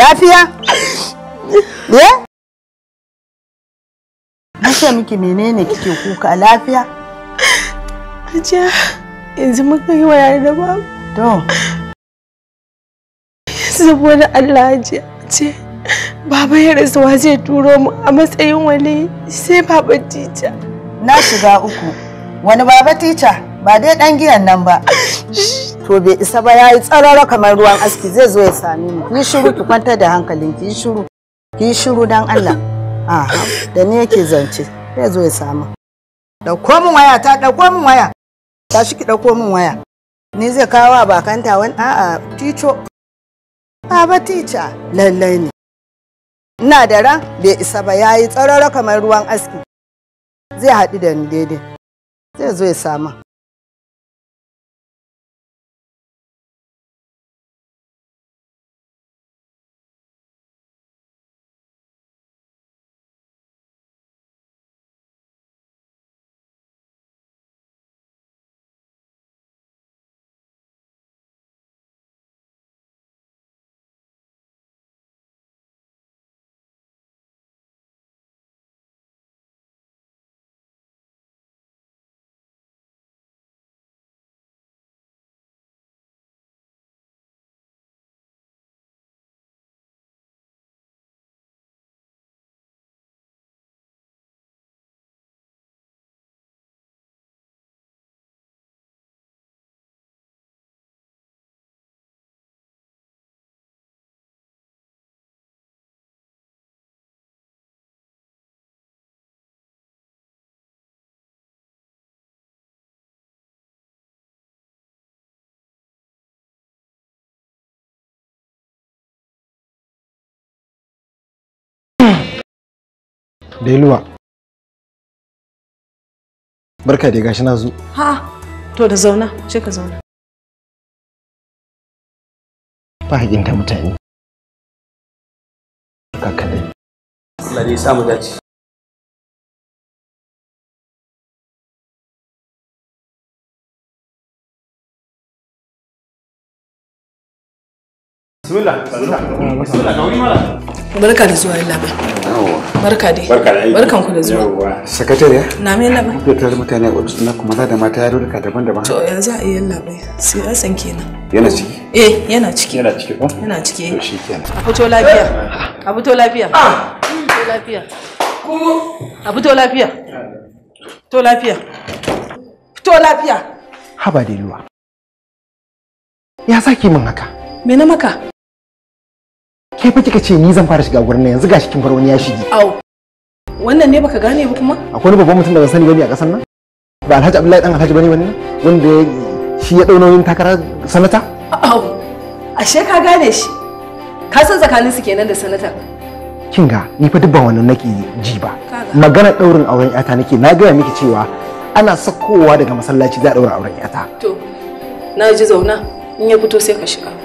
lafiya ye na ce miki menene kike kuka lafiya ajiya yanzu muka yi yare da babu to saboda Allah ajiya ce baba ya rasuwa zai turo mu a matsayin wani sai baba tita na shiga uku wani baba tita ba dai dan giyan nan ba to bai isa ba yayi tsarara kamar ruwan aski zai zo ya same ni ki shiru ki kwantar da hankalin ki shiru ki shiru dan Allah aha da ni yake zance zai zo ya samu dauko min waya ta dauko min waya shi ki dauko min waya ni zai kawo bakanta wani a'a tico Baba tica lallai ne ina da ran bai isa ba yayi tsarara kamar ruwan aski zai haɗu da ni daidai zai zo ya samu. Dailuwa. Barka da gashi na zo. Ha, to da zauna, ce ka zauna. Ba haƙin ta mutane. Kaka dai. Allah samu dace. Bismillah, bismillah, bismillah, ga wuri mala. Barka da zuwa Allah bai. barka dai barkan ku da zuwa yawa sakatariya na me labai mutane a ofis na kuma da mata yaro da daban-daban to yanzu a yi sai san kenan yana ciki eh yana ciki yana ciki ko yana ciki to a fito lafiya a fito lafiya a ah! lafiya ku a fito lafiya to lafiya fito lafiya haba da luwa ya saki min haka me na maka Ke fa kika ce ni zan fara shiga gurin nan yanzu gashi kin bar wani ya shige. Au. Wannan ne baka gane ba kuma? Akwai wani babban mutum da ban sani bane a ƙasar nan? Ba Alhaji Abdullahi dan Alhaji bane wannan wanda shi ya dauna yin takara sanata? Au. Ashe ka gane shi. Ka san tsakanin su kenan da sanata. Kin ga ni fa dubban wannan nake ji ba. Magana daurin auren yata nake na gaya miki cewa ana sakowa daga masallaci za a daura auren yata. To. Na ji zauna in ya fito sai ka shiga.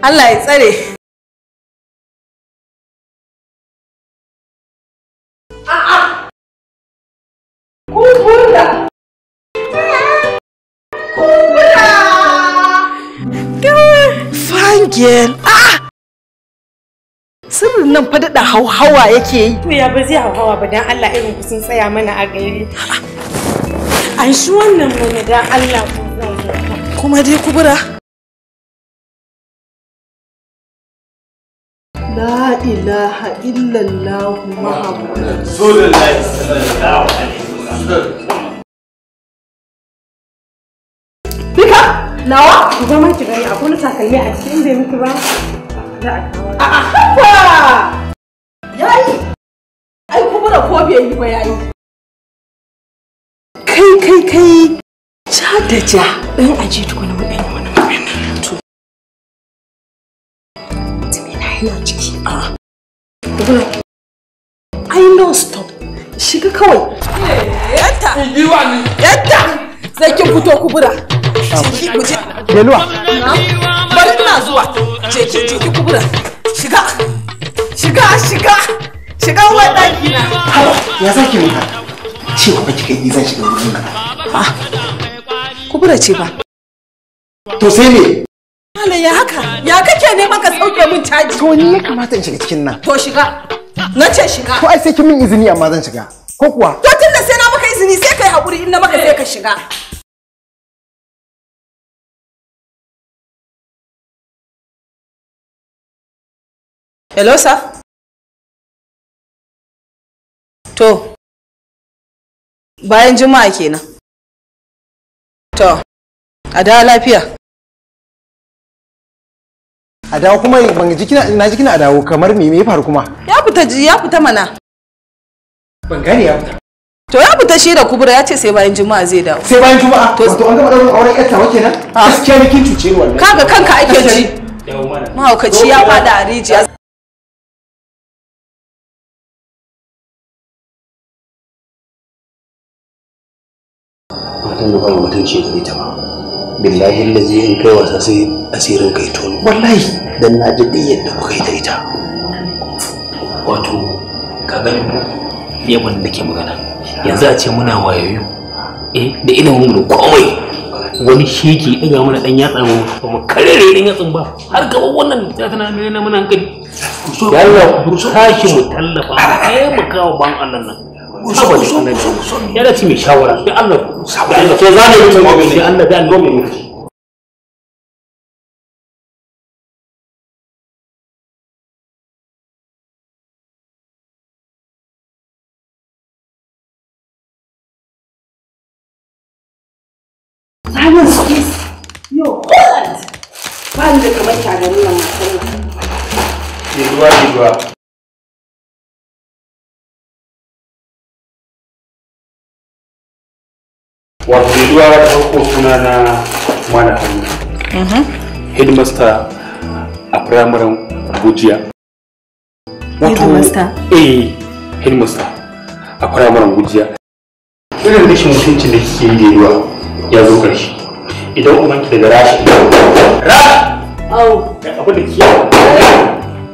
Allah ya tsare Fangiyar ah! Sirrin nan fa hauhawa yake yi. To ya ba zai hauhawa ba don Allah irin ku sun tsaya mana a gairi. An shi wannan mana don Allah ku Kuma dai kubura. La ilaha illallah Bika nawa ku zama ki takalmi a cikin bai miki ba. A'a haba. Yayi. Ai kuma da ko bai yi ba yayi. Kai kai kai. Ja da ja ɗan aje tukuna mu ɗan yana ciki a ai don stop shiga kawai yatta yatta sai kin fito kubura ciki kuje Beluwa bari ina zuwa ciki ciki kubura shiga shiga shiga shiga wannan gina ya zaki ka ce ba kika yi zan shiga wurin nan ah. kubura ce ba to sai ne Malam ya haka ya kake neman ka sauke min caji. To ni ya kamata in shiga cikin nan. To shiga. Na ce shiga. To ai sai kin min izini amma zan shiga. Ko kuwa? To tunda sai na maka izini sai kai hakuri in na maka sai ka shiga. Hello sir. To bayan juma'a kenan. To a da lafiya. a dawo kuma ban ji kina na ji kina a dawo kamar me me ya faru kuma ya fita ji ya fita mana ban gani ya fita to ya fita shi da kubura ya ce sai bayan juma'a zai dawo sai bayan juma'a to to an gama daurin auren yarta wa kenan ah. gaskiya ne kin cuce ni wallahi kaga kanka ake ji mahaukaci ya fada a rijiya matan da ba mutunci gare ta ba billahi lazi in kai wasa sai asirin kai tono wallahi dan na ji yadda kuka yi da ita wato ka gani ko ban da ke magana yanzu a ce muna wayoyi eh da ina mun da komai wani sheki daga mana dan yatsa mu ba mu karere dan yatsun ba har gaba wannan ta tana na muna hankali yalla mu tashi mu tallafa ai mu kawo ban Allah nan saboda yana ci mai shawara da Allah ke zane mutum abin Allah da Allah mu mutu Yo, ni da kamar tagarin gaisuwa ta farko suna na mana hannu mhm. headmaster a firamaren gujiya headmaster eh headmaster a firamaren gujiya irin rashin mutuncin da kike yi da yawa ya zo ƙarshe idan umanki daga rashi rashi au da abu da ke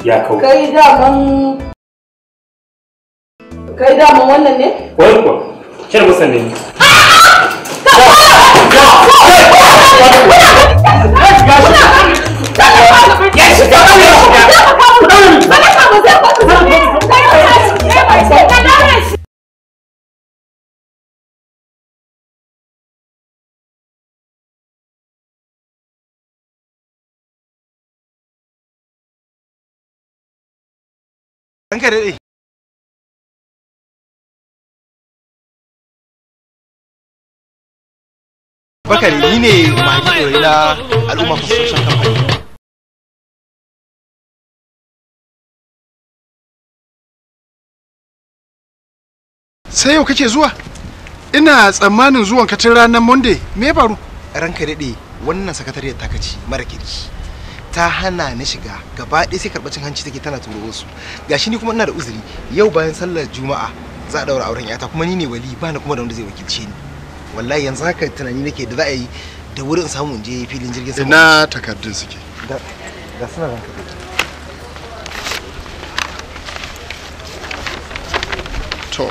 ya kawo kai daman kai daman wannan ne wani kuwa kyan musan ne Danke, hankali ni ne mahaifi ɗorai na al'umma fasoshin kamfani sai yau kake zuwa ina tsammanin zuwan katin ranar monday me faru ranka daɗe wannan sakatariyar ta kaci mara kirki ta hana na shiga gaba ɗaya sai karɓar hanci take tana turo wasu gashi ni kuma ina da uzuri yau bayan sallar juma'a za a ɗaura auren yata kuma ni ne wali ba kuma da wanda zai wakilce ni wallahi yanzu haka tunani nake da za a yi da wurin samu je filin jirgin sama ina takardun suke da suna ranka to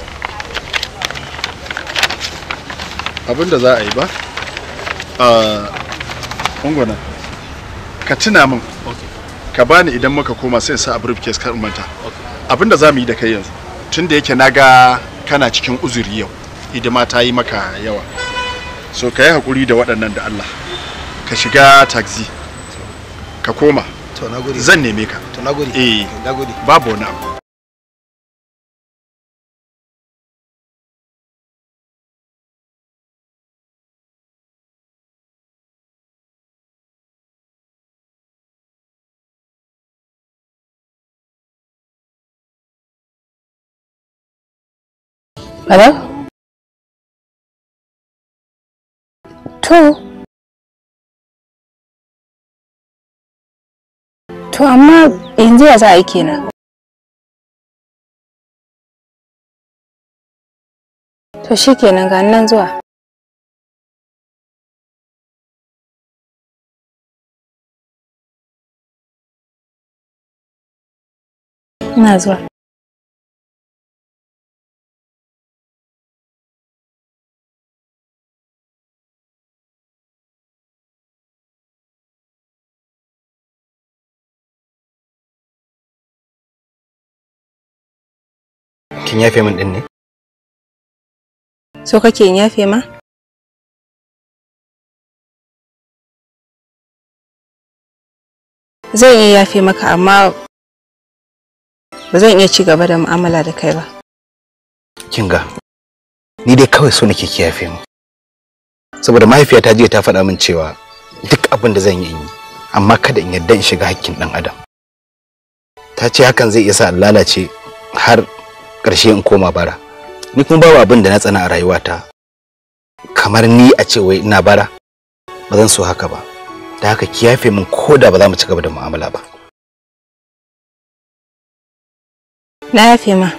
abin da za a yi ba a ungwana ka tuna min ka bani idan muka koma sai sa a briefcase kar manta abin da za mu yi da kai yanzu tun da yake na ga kana cikin uzuri yau hidima ta yi maka yawa so ka yi haƙuri da waɗannan da Allah ka shiga taxi ka koma zan neme ka eh babu na Hello? to to amma yanzu ya za a yi kenan to kenan ga nan zuwa ina zuwa kin yafe min din ne so kake in yafe ma zan iya yafe maka amma ba zan iya ci gaba da mu'amala da kai ba kin ga ni dai kawai so nake ki yafe mu saboda mahaifiyata jiya ta faɗa min cewa duk abin da zan yi in yi amma kada in yarda in shiga hakkin ɗan adam ta ce hakan zai iya sa lalace har Karshe in koma bara ni kuma babu abin da na tsana a rayuwata kamar ni a ce wai ina bara ba zan so haka ba da haka ki yafe min ko da ba za mu ci gaba da mu'amala ba na yafe ma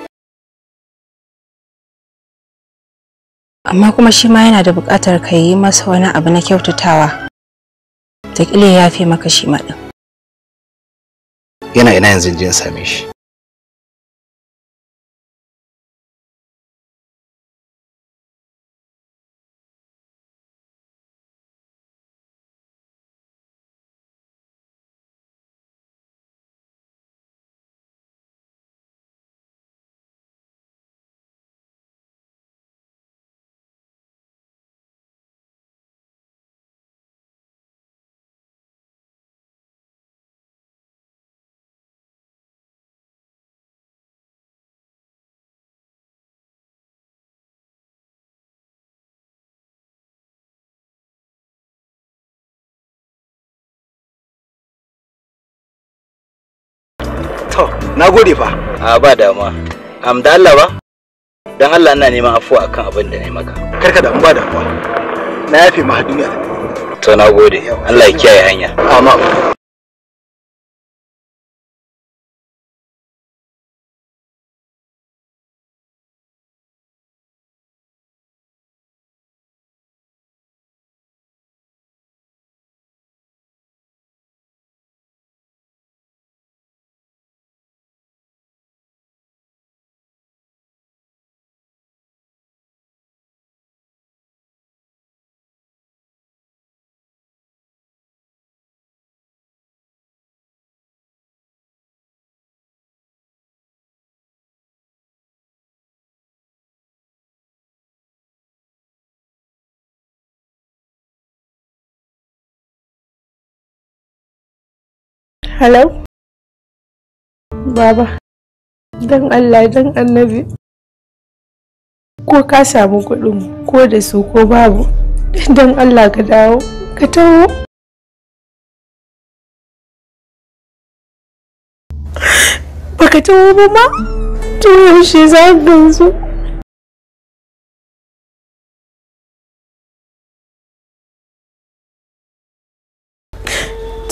amma kuma shi ma yana da buƙatar ka yi masa wani abu na kyautatawa ta ya yafe maka shi ma yana ina yanzu jin same shi To, na gode fa. A ba dama. Am da Allah ba? Dan Allah ina neman afuwa akan abin da na maka. Karka da ba damuwa. Na yafe ma duniya. To na gode. Allah ya kiyaye hanya. Amma. Hello? Baba, don Allah don annabi. Ko ka samu kuɗin ko da su ko babu, don Allah ka dawo, ka taho. Baka taho ba ma? To shi za ka gansu.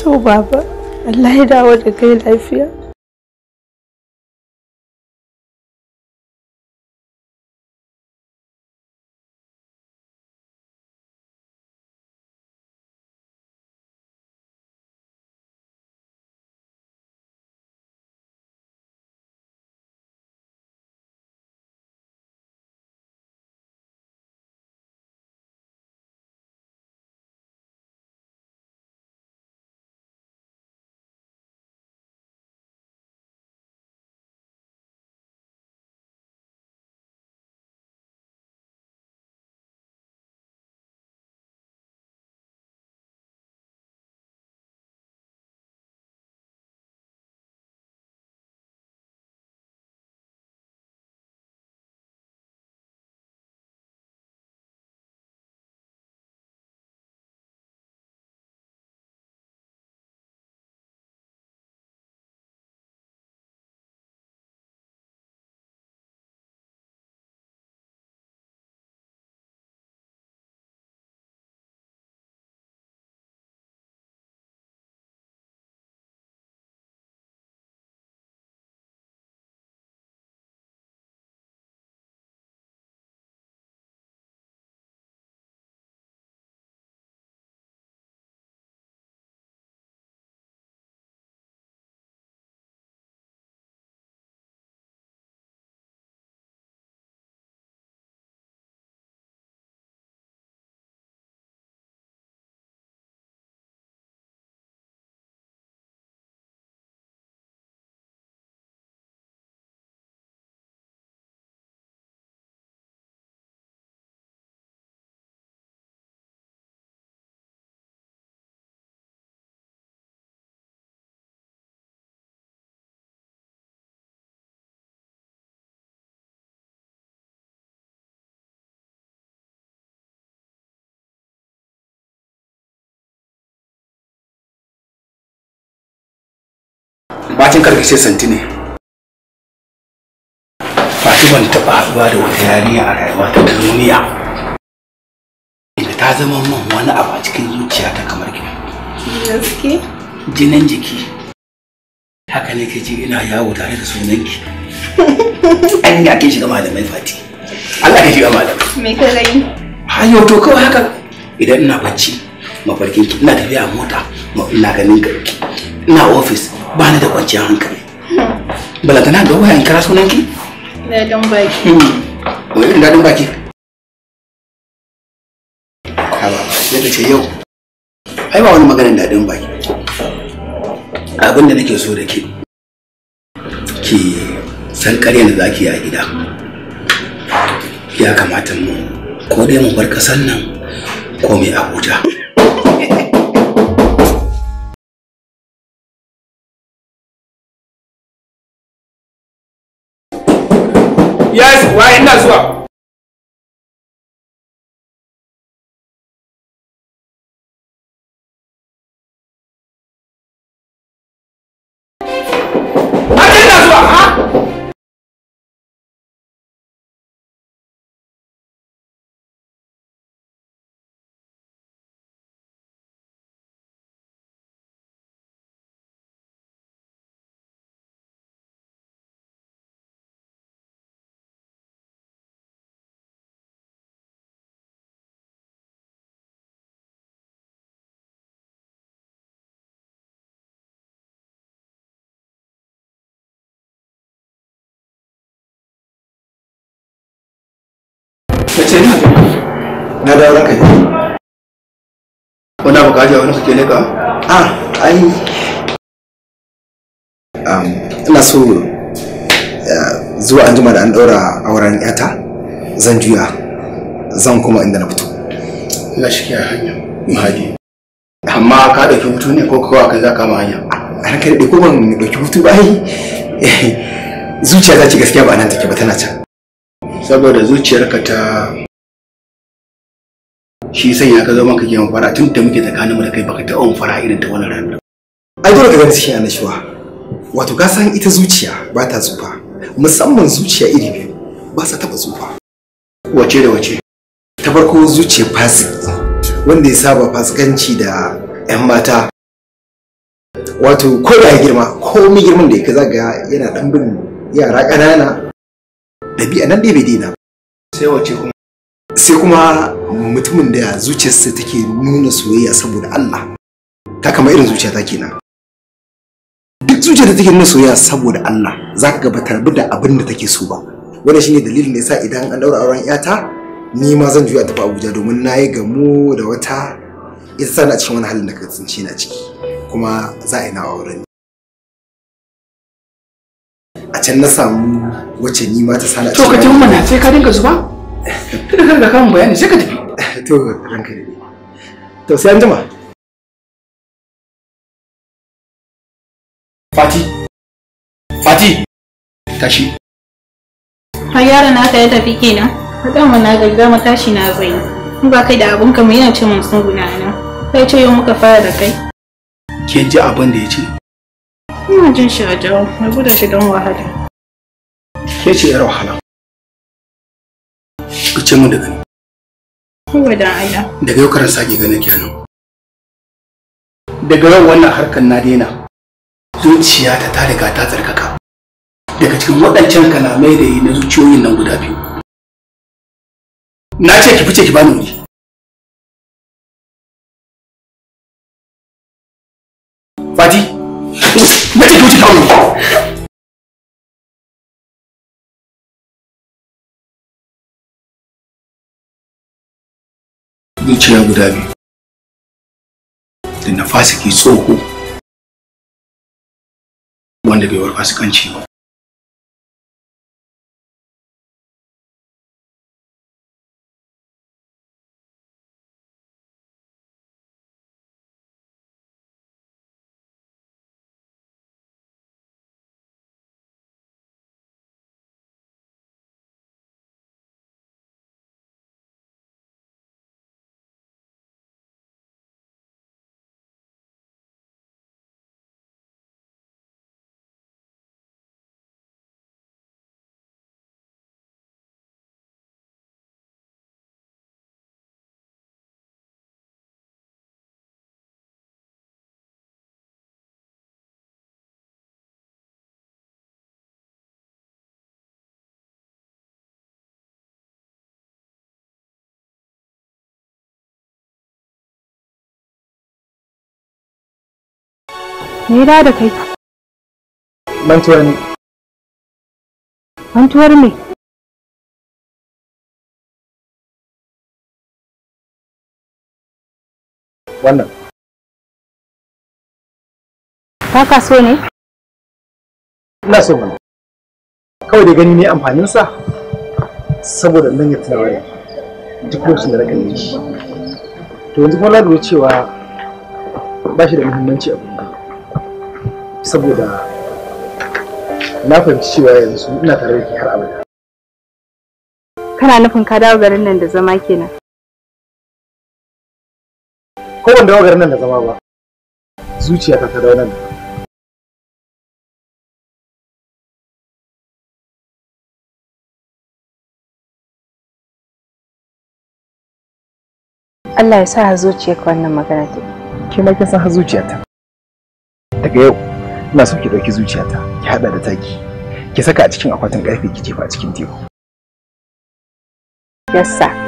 To, Baba. Allah a da I lafiya bacin karkashe santi ne Fatu ban taɓa haɗuwa da wata yariya a rayuwa ta duniya ta zama man wani abu a cikin zuciya ta kamar ki gaske jinin jiki haka ne ke ji ina yawo tare da ki. an yi ake shiga malamai fati Allah ya shiga malamai me ka rai hayo to kawai haka idan ina bacci mafarkin ki ina tafiya a mota ina ganin garki ina ofis ba ni da kwanciyar hankali bala tana da wayan kira sunan ki dadin baki hmm. wai dadin baki haba sai ta ce yau ai ba wani maganar dadin baki abin da nake so da ke ki san ƙaryar da zaki yi a gida ya kamata mu ko dai mu bar ƙasar nan ko mai abuja yes in that zuwa kace ni na dawo ranka ne wani abu ka kaji wani kake leka A ai ina so zuwa anjima da an daura auren yata zan juya zan kuma inda na fito Allah shi kiyaye hanya mahadi mm. amma ka ɗauki hutu ne ko kawai kai za ka ma hanya a ranka da ko ban dauki hutu ba ai zuciya ta ce gaskiya ba nan take ba tana can saboda zuciyarka ta shi sanya ka zama ka gina fara tun da muke tsakaninmu da kai baka on fara irin ta wani ranar ai dole ka gani cikin annashuwa wato ka san ita zuciya ba ta zufa, musamman zuciya iri biyu ba sa taɓa zufa. wace da wace ta farko zuciyar fasiki wanda ya saba fasikanci da 'yan mata wato ko da girma ko mai girman da ya ka zaga yana ɗan bin yara ƙanana ɗabi'a nan dai bai daina ba sai wace kuma sai kuma mutumin da zuciyarsa take nuna soyayya saboda Allah ta kama irin zuciya ta kenan duk zuciya da take nuna soyayya saboda Allah za ka gaba tarbi da abin da take so ba wannan shine dalilin da yasa idan an daura auren yata ni ma zan juya tafi Abuja domin na yi gamo da wata ita tana cikin wani halin da ka tsinci na ciki kuma za a yi na auren can na samu wacce ni ma ta sala to ka tuma na sai ka dinka zuba kada ka riga kan bayani sai ka tafi to ranka ne to sai an jima Fati Fati tashi Har yara na ya tafi kenan dama na gaggawa mu tashi na zai in ba kai da abun ka mai yana ce mun sun guna nan sai ce yau muka fara da kai kin ji abin da ya ce ina jin shi a jawo mai gudu shi don wahala ke ce yar wahala ce mu da gani kawai da Allah daga yau karan sake ganin kenan daga yau wannan harkar na daina zuciya ta riga ta tsarkaka daga cikin waɗancan kalamai da yi na zuciyoyin nan guda biyu na ce ki fice ki bani wuri Fati, mace ki wuce kawo zuciya guda biyu da na fasiki tsoho wanda bai bar fasikanci ba Me da da kai? Mantuwar ne. Mantuwar ne. Wannan. ka so ne? Ina so mana. Kawai da gani ne amfaninsa saboda nan ya tunawa duk lokacin da na kalle shi. To yanzu kuma na cewa ba shi da muhimmanci a saboda na fahimci cewa yanzu ina tare da ke har abada kana nufin ka dawo garin nan da zama kenan ko ban dawo garin nan da zama ba zuciya ta dawo nan Allah ya sa zuciyarka wannan magana ta. Ke ma kin san zuciyata. Daga yau ina so ki ɗauki zuciyata ki haɗa da taki ki saka a cikin akwatin ƙarfe ki jefa cikin teku yassa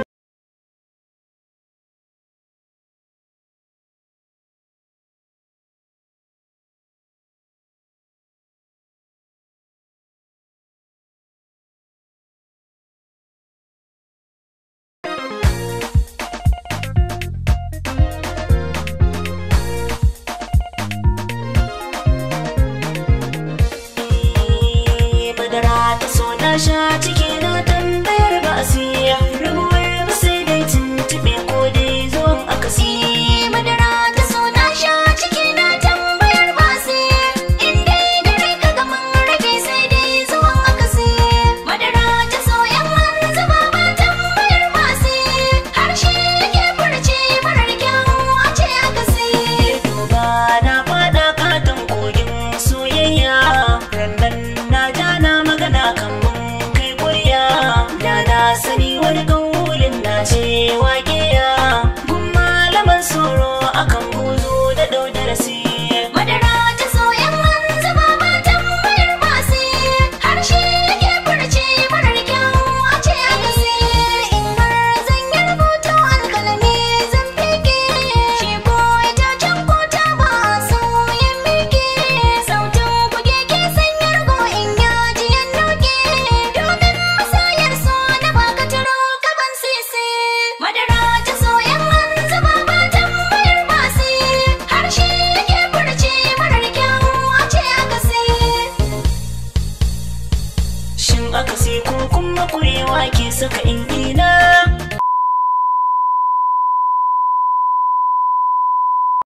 darasi waƙiya gun laman tsoro akan buzo da ɗau darasi